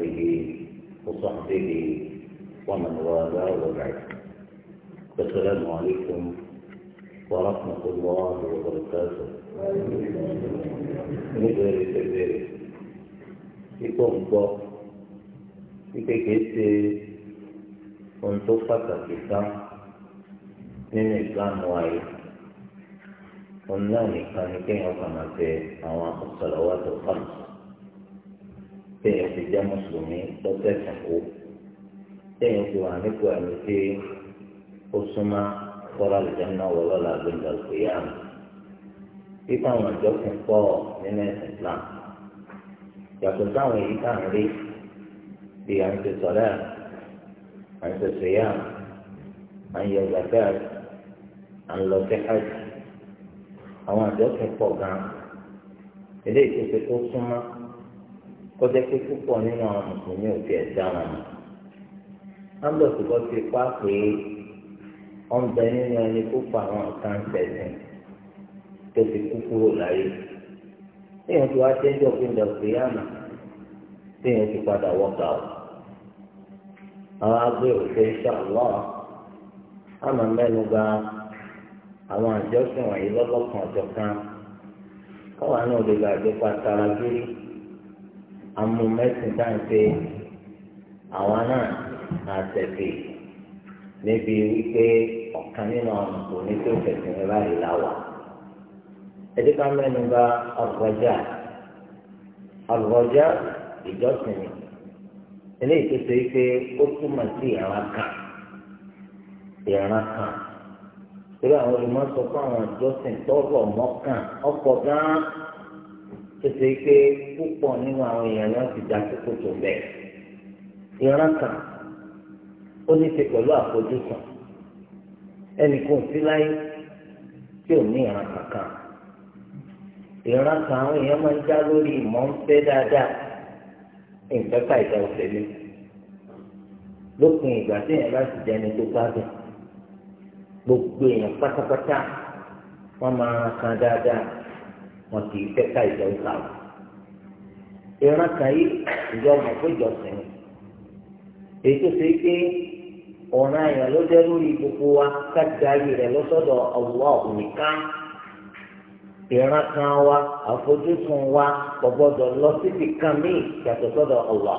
آله وصحبه ومن والاه وبعد السلام عليكم ورحمة الله وبركاته نقدر نتبرر يكون بو يكيكيسي كنت فتاكي من nínú ìsìlámù wáyé òun náà nìkan ní kéèyàn kàn máa téèyàn ti jẹ́ mùsùlùmí lọ́sẹ̀ tẹ̀kọ́ téèyàn ti wà nípò ẹni tí ó súnmọ́ kọ́ra àlùjáná wọ lọ́la gbẹ̀ngàn ìyàm pípa àwọn àjọ kan pọ̀ nínú ẹ̀sìn Islam yàtọ̀ sáwọn èyí tá à ń rí bí à ń ṣe sọ̀rẹ́ à ń ṣe sèyàm à ń yẹ zakat à ń lọ sí àwọn àjọ pọ̀ gan-an eléyìí tó ṣe tó súnmọ́ kọjá pé púpọ̀ nínú àwọn mùsùlùmí ò tiẹ̀ dára mọ́ ambọ̀sì bọ́ ti pa pé ọ̀nbẹ nínú ẹni púpọ̀ àwọn kan tẹ̀sìn tó fi kú kúrò láyé téèyàn ti wá tẹ́jọ́ pé ń dọ̀tí yánà téèyàn ti padà wọ́gà ọ̀ àwọn agbèrò pé ṣàlọ́ àmọ́ mẹ́nu ba àwọn àjọsìn wọ̀nyí lọ́lọ́kan ọ̀jọ̀kan káwọn náà lè gbàgbé pa tara amú mẹ́sìn tá à ń ṣe àwọn náà àtẹ̀sẹ̀ níbi wípé ọ̀kan nínú àwọn kò ní tó fẹ̀sìn rẹ báyìí láwà. ẹdí ká mẹ́nu bá ọ̀gbọ́jà ọ̀gbọ́jà ìjọsìn ni eléyìí tó ṣe pé ó túmọ̀ sí ìran kan ìran kan torí àwọn olùmọ̀ sọ fún àwọn ìjọsìn tọ́rọ̀ mọ́kàn ọ̀pọ̀ gan-an. tètè pé púpọ̀ nínú àwọn èèyàn náà ti dá kókó tó bẹ́ẹ̀. ìran kan ó ní ṣe pẹ̀lú àfojúsùn ẹnì kò sí láyé tí ò ní ìran kankan. ìran kan àwọn èèyàn máa ń já lórí ìmọ̀ ń fẹ́ dáadáa ìjà jẹni tó gbádùn gbogbo èèyàn pátápátá wọ́n máa kan dáadáa. wọn kì í tẹ́ka ìjọba ìran kan yìí ìjọ mọ̀ pé ìjọsìn èyí tó ṣe pé ọ̀ràn àyàn ló jẹ́ lórí gbogbo wa ká rẹ̀ lọ́sọ̀dọ̀ ọ̀wọ́ nìkan ìran kan wa àfojúsùn wa kò lọ síbi kan yàtọ̀ sọ́dọ̀ ọ̀wọ́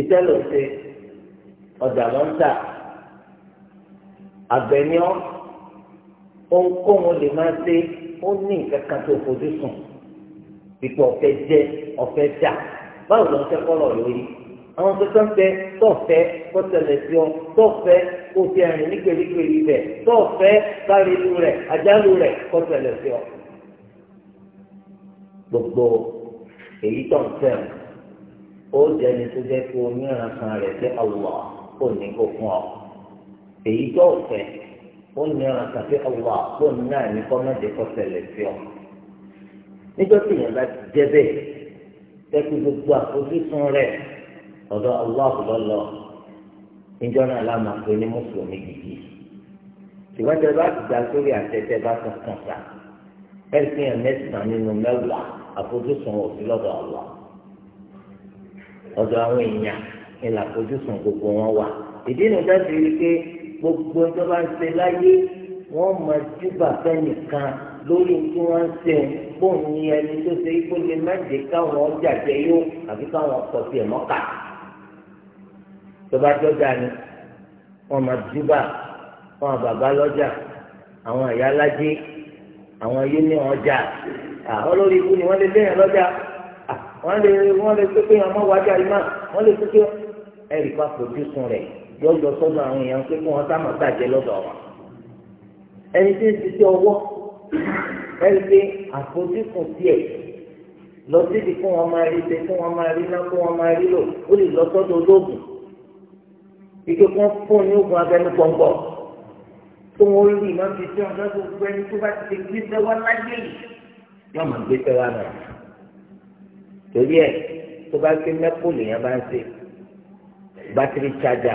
iṣẹ́ ló ṣe ọjà àgbẹ̀ ni ọ́. ohunkóhun lè máa ṣe ó ní nǹkan kan tó fojú sùn pípọ̀ ọ̀fẹ́ jẹ́ ọ̀fẹ́ dà báwo ló ń fẹ́ kọ́lọ̀ lórí àwọn tuntun fẹ́ tọ̀fẹ́ kọ́tẹ̀lẹ̀ sí ọ tọ̀fẹ́ kó ti ẹ̀rìn ní gbèrígbèrí rẹ̀ tọ̀fẹ́ kárílu rẹ̀ àjálù rẹ̀ kọ́tẹ̀lẹ̀ sí ọ. gbogbo èyí tó ń fẹ́ o ó jẹ́ ni tó jẹ́ kó onírankan rẹ̀ sí ọ̀wọ́ òní kó fún ọ èyí tó ń fẹ́ ó nira kàfé ọwọ́ àpòn náà ní kọ́mẹ́dé kọ́sẹ̀lẹ̀ sí ọ. níjọ́ tí èèyàn bá ti jẹ́ bẹ́ẹ̀ tẹ́kí gbogbo àfojúsùn rẹ̀ ọ̀dọ̀ aláàbò lọ́lọ́ níjọ́ náà la máa pe ní mùsùlùmí gidi. ṣùgbọ́n tẹ bá ti dá sórí àtẹ́tẹ́ bá tún kàn sá ẹ̀sìn ẹ̀ mẹ́sàn-án nínú mẹ́wàá àfojúsùn òsì lọ́dọ̀ ọ̀lọ́ ọ̀dọ̀ àwọn èèyàn ni làfojúsùn gbogbo wọn wà ìdí nìkan ti rí pé gbogbo tó bá ń ṣe láyé wọ́n mọ júbà fẹ́nìkan lórí tí wọ́n ń ṣe fóun ní ẹni tó ṣe kó lè má jẹ́ káwọn jàjẹ́ yó àbí káwọn pọ̀ sí ẹ̀ mọ́kà tó bá ni wọ́n mọ júbà àwọn bàbá lọ́jà àwọn ìyá alájé àwọn yúní ọjà àwọn lórí ikú ni wọ́n lè léyìn lọ́jà wọ́n lè wọ́n lè pépé ọmọ wájà ìmá wọ́n lè pépé ẹ̀rí pa fojú sun rẹ̀ yìí yọ lọ sọ́dọ̀ àwọn èèyàn pé kí wọ́n sá máa bàjẹ́ lọ́dọ̀ wọn. ẹni tí ń ṣiṣẹ́ ọwọ́ ẹni pé àfojúsùn tiẹ̀ lọ síbi kí wọ́n máa rí ṣe kí wọ́n máa rí ná kí wọ́n máa rí lò ó lè lọ sọ́dọ̀ olóògùn ike kí wọ́n fún ní oògùn abẹ́nú pọ̀npọ̀ tó wọ́n rí iná fi tí wọ́n lọ́dọ̀ gbogbo ẹni tó bá ti ṣe gbé sẹ́wá láyé yìí yóò máa gbé sẹ́wá nà torí ẹ̀ tó bá gbé mẹ́kò lèèyàn bá ń ṣe bátìrì chájà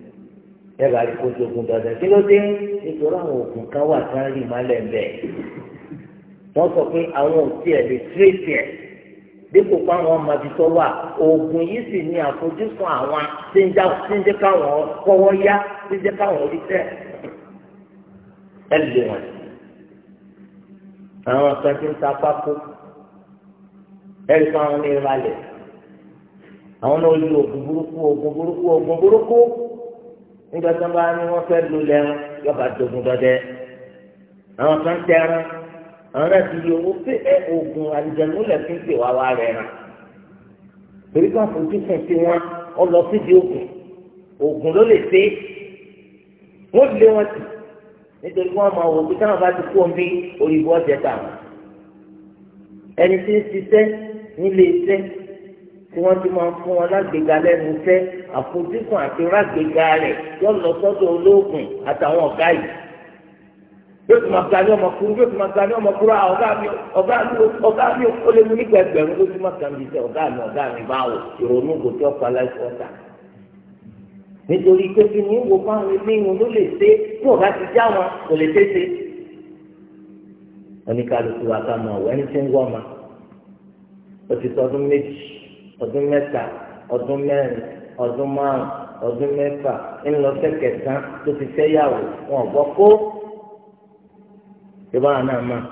ẹ̀rọ àdìpọ̀ ogun dandan kí ló dé nítorí àwọn oògùn kan wà tí wọ́n rí ìmọ̀lẹ̀ ń bẹ̀. wọ́n sọ pé àwọn òtí ẹ̀ lè tírèsì ẹ̀ dípò pé àwọn ọmọdé tó wà oògùn yìí sì ní àfojúsùn àwọn tí ń jẹ́ káwọn kọ́wọ́ yá tí ń jẹ́ káwọn orí tẹ̀. ẹ lè wọn. àwọn kan ti ń ta pákó ẹ̀rí fún àwọn ní ìrọ̀lẹ́ àwọn náà lu oògùn burúkú oògùn burúkú oògùn burúkú nígbà tó ń bá ní wọ́n fẹ́ lu lẹ́rán yọba dogun dọdẹ àwọn kan tẹran àwọn náà ti yọ owó pé ẹ oògùn àlùjẹmú lẹfún pè wá wá rẹran torí kan fojú sùn sí wọn ọ lọ síbi oògùn oògùn ló lè ṣe wọn lé wọn tì nítorí wọn máa wò pé táwọn bá ti kú omi òyìnbó ọjà tà wọn ẹni tí ń ṣiṣẹ́ nílé iṣẹ́ tí wọ́n ti máa ń fún wọn lágbèéga lẹ́nu iṣẹ́ àfojúsùn àti rágbèéga rẹ̀ yóò lọ sọ́dọ̀ olóògùn àtàwọn ọ̀gá yìí yóò ti máa gani ọmọkùnrin yóò ti máa gani ọmọkùnrin àwọn ah, ọ̀gá mi ọ̀gá mi ọ̀gá mi ó lé mi nígbà ẹgbẹ̀rún ló ti máa kàn mí sẹ ọ̀gá mi ọ̀gá mi báwo ìrònú kò tí ọ̀pọ̀ aláìsàn ọ̀tà nítorí pé kí ni wo fáwọn ilé wọn ló lè ṣe tí ọ̀gá ti já wọn kò lè ṣe ṣe oníkàlùkù wa ká máa wọ ẹni ọdún mẹ́ta ọdún mẹ́rin ọdún márùn ọdún mẹ́fà ńlọsẹ̀ kẹsàn tó ti fẹ́yàwó wọn gbọ́ kó ìbára náà máa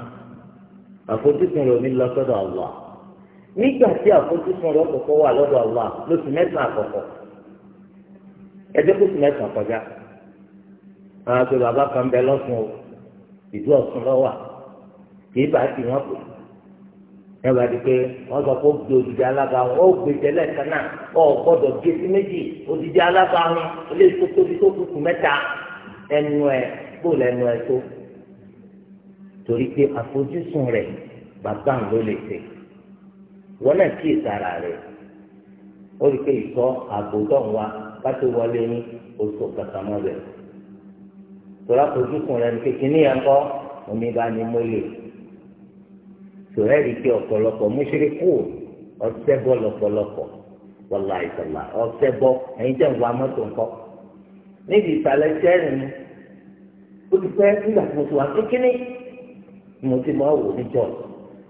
àfojúsùn rẹ̀ ò ní lọ sọ́dọ̀ Allah nígbà tí àfojúsùn rẹ̀ kọ́kọ́ wà lọ́dọ̀ Allah lóṣù mẹ́sàn àkọ́kọ́ ẹjẹ́ kóṣù mẹ́sàn kọjá àwọn àti bàbá kan bẹ lọ́sùn o ìdú ọ̀sùn lọ́wà kì í bá ti wọ́n pè é yọba di pé wọn sọ fún gbé odidi alága wọn ó gbé tẹ́lẹ̀ kan náà ọ gbọ́dọ̀ gbé sí méjì odidi alága wọn ilé ìtókòtò tó kùkù mẹ́ta ẹnu ẹ kó lẹ́nu ẹ tó torí pé àfojúsùn rẹ bàbá ń ló lè tẹ wọn náà kí ìsara rẹ ó rí pé ìtọ àbòdọ wa bá tó wọlé ní oṣù kàkàmọ rẹ tọ́lá àfojúsùn rẹ ní kékeré yẹn kọ́ omi bá ní mọ́lẹ̀ tòrẹ́rì pé ọ̀pọ̀lọpọ̀ mùsùlùmí kù ọ̀sẹ̀ bọ́ lọ́pọ̀lọpọ̀ wọ́lá ìtọ́lá ọ̀sẹ̀ bọ́ ẹ̀yin tẹ̀ ń wa mọ́tò ńkọ́ níbi ìsàlẹ̀ sẹ́rìn mi ó ti pẹ́ nígbà tí mo ti wà kékeré ni mo ti máa wò ní jọ́ọ̀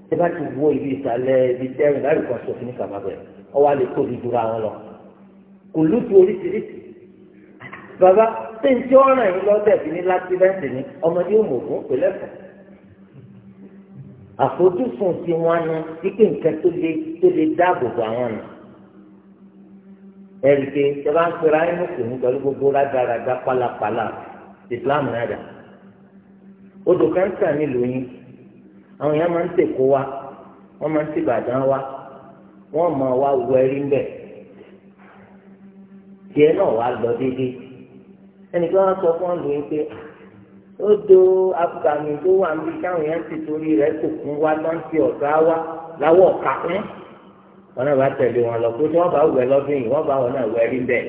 tí bá ti wo ibi ìsàlẹ̀ ibi sẹ́rìn láì kọ́ sọ fún kàmábẹ́ ọwọ́ alẹ́ bàbá tí ń tí ọ̀ràn yìí lọ́dẹ̀ fi ní láti ni ọmọdé ò mọ̀ fún pẹ̀lẹ́fọ̀ọ́ àfojúsùn ti wọn nu wípé nǹkan tó lè tó lè dáàbò bò àwọn nù ẹ̀rí pé ìjọba ń pera ẹni mùsùlùmí pẹ̀lú gbogbo rádaràda pálapàla Islam náà dà odò káńsà nílùú yín àwọn èèyàn máa ń tèkó wa wọ́n máa ń tìbàdàn wa wọ́n máa wá wọ ẹrí ńbẹ̀ tiẹ̀ náà wà lọ déédéé ẹnìkan wá sọ fún ọ lóyún pé ah ó do afukami tó wà níbi táwọn yẹn ti torí rẹ̀ kò fún wa lọ́ńtì ọ̀gá wa láwọ̀ ọ̀ka fún wọn náà bá tẹ̀lé wọn lọ pé tí wọ́n bá wẹ̀ lọ́dún yìí wọ́n bá wọn náà wẹ̀ rí bẹ́ẹ̀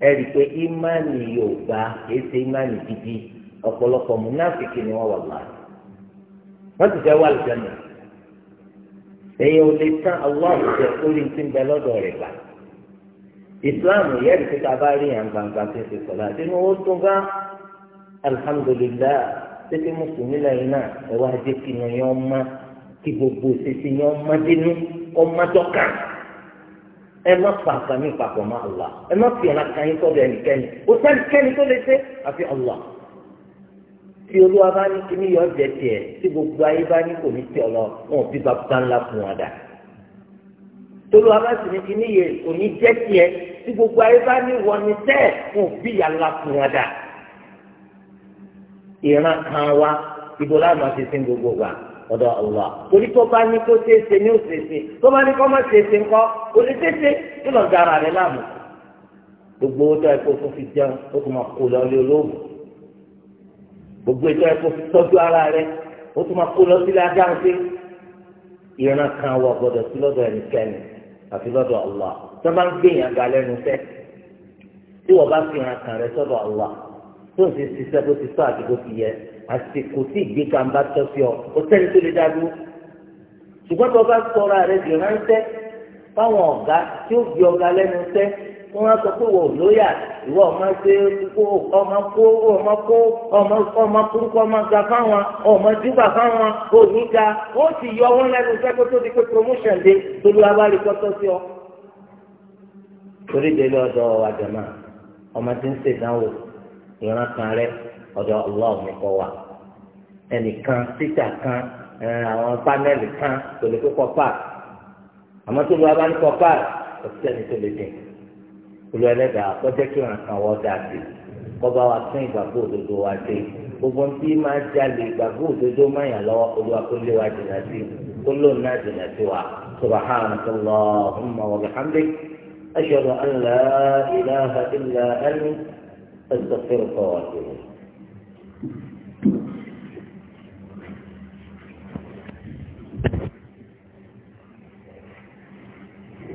ẹ rí i pé ìmánì Yorùbá kìí ṣe ìmánì gidi ọ̀pọ̀lọpọ̀ múnáfìkì ni wọ́n wà wọ́n ti fẹ́ wà èyí ò lè tán àwọn àwùjọ ti ń bẹ lọ́dọ̀ alihamudulilayi tẹ́tẹ́ mùsùlùmí lẹ́yìn náà ẹ wá jẹ́ kí ni yẹn ọmọ kí gbogbo ṣẹṣẹ yẹn ọmọ dínú ọmọ dọ́kà ẹ má pa àǹfààní papọ̀ mọ́ Allah ẹ má fi ọ̀nà kan yín sọ́dọ̀ ẹnikẹ́ni ó sẹ́ni kẹ́ni tó lè ṣe àfi Allah tí olúwa bá ní kíní yọ jẹ tiẹ̀ tí gbogbo ayé bá ní kò ní tí ọlọ wọn ò fi bàbá ńlá fún wọn dà tolúwa bá sì ní kíní yẹ kò ní jẹ tiẹ̀ tí gbogbo ayé bá ní wọn ìran kan wa ibo láàmú ti sin gbogbo wa ọ̀dọ̀ Allah torí ní kó ní òṣèṣe tó bá ní kó má ṣeéṣe ńkọ́ o lè ṣeéṣe tó lọ gara rẹ láàmú gbogbo owó ẹ̀kọ́ fún fi jẹun ó tún máa kó lọ lé olóògùn gbogbo ọjọ́ ẹ̀kọ́ tọ́jú ara rẹ ó tún kan wa sí lọ́dọ̀ ẹnikẹ́ni lọ́dọ̀ tó bá ń fẹ́ tí wọ́n bá fi ìran tó ń ṣe ṣiṣẹ́ bó ti sọ àti bó ti yẹ àsìkò tí ìgbéga ń bá tọ́ sí ọ kò sẹ́ni tó lè dá dúró ṣùgbọ́n tó bá sọra rẹ di ránṣẹ́ fáwọn ọ̀gá tí ó gbé ọ̀gá lẹ́nu iṣẹ́ wọ́n á sọ pé wọ́n ò lóyà ìwọ ọmọ ṣe kó ọmọ kó ọmọ kó ọmọ ọmọ kúrúkọ ọmọ ga fáwọn ọmọ dúgbà fáwọn òní ga ó sì yọ wọn lẹ́nu iṣẹ́ kó tó di pé promotion dé torí wa bá rí kọ́tọ́ sí ọ. torí délé ọ̀dọ̀ àjàmà ọmọ tí ń ṣèdánwò ìran kan rẹ ọ̀dọ̀ Allah nìkan wà ẹnìkan títà kan àwọn pánẹ́lì kan tó lè kókọ páàkì àmọ́ tó lu abánikọ páàkì ọ̀sẹ̀ni tó lè dín olú ẹlẹ́dàá kọjá kí ìran kan wọ́n dà sí wa tún ìgbàgbọ́ òdodo wa dé gbogbo ń tí máa jalè ìgbàgbọ́ òdodo máa yàn lọ́wọ́ olúwa kó lé wa sí kó lóun náà sí wa استغفرك واتوب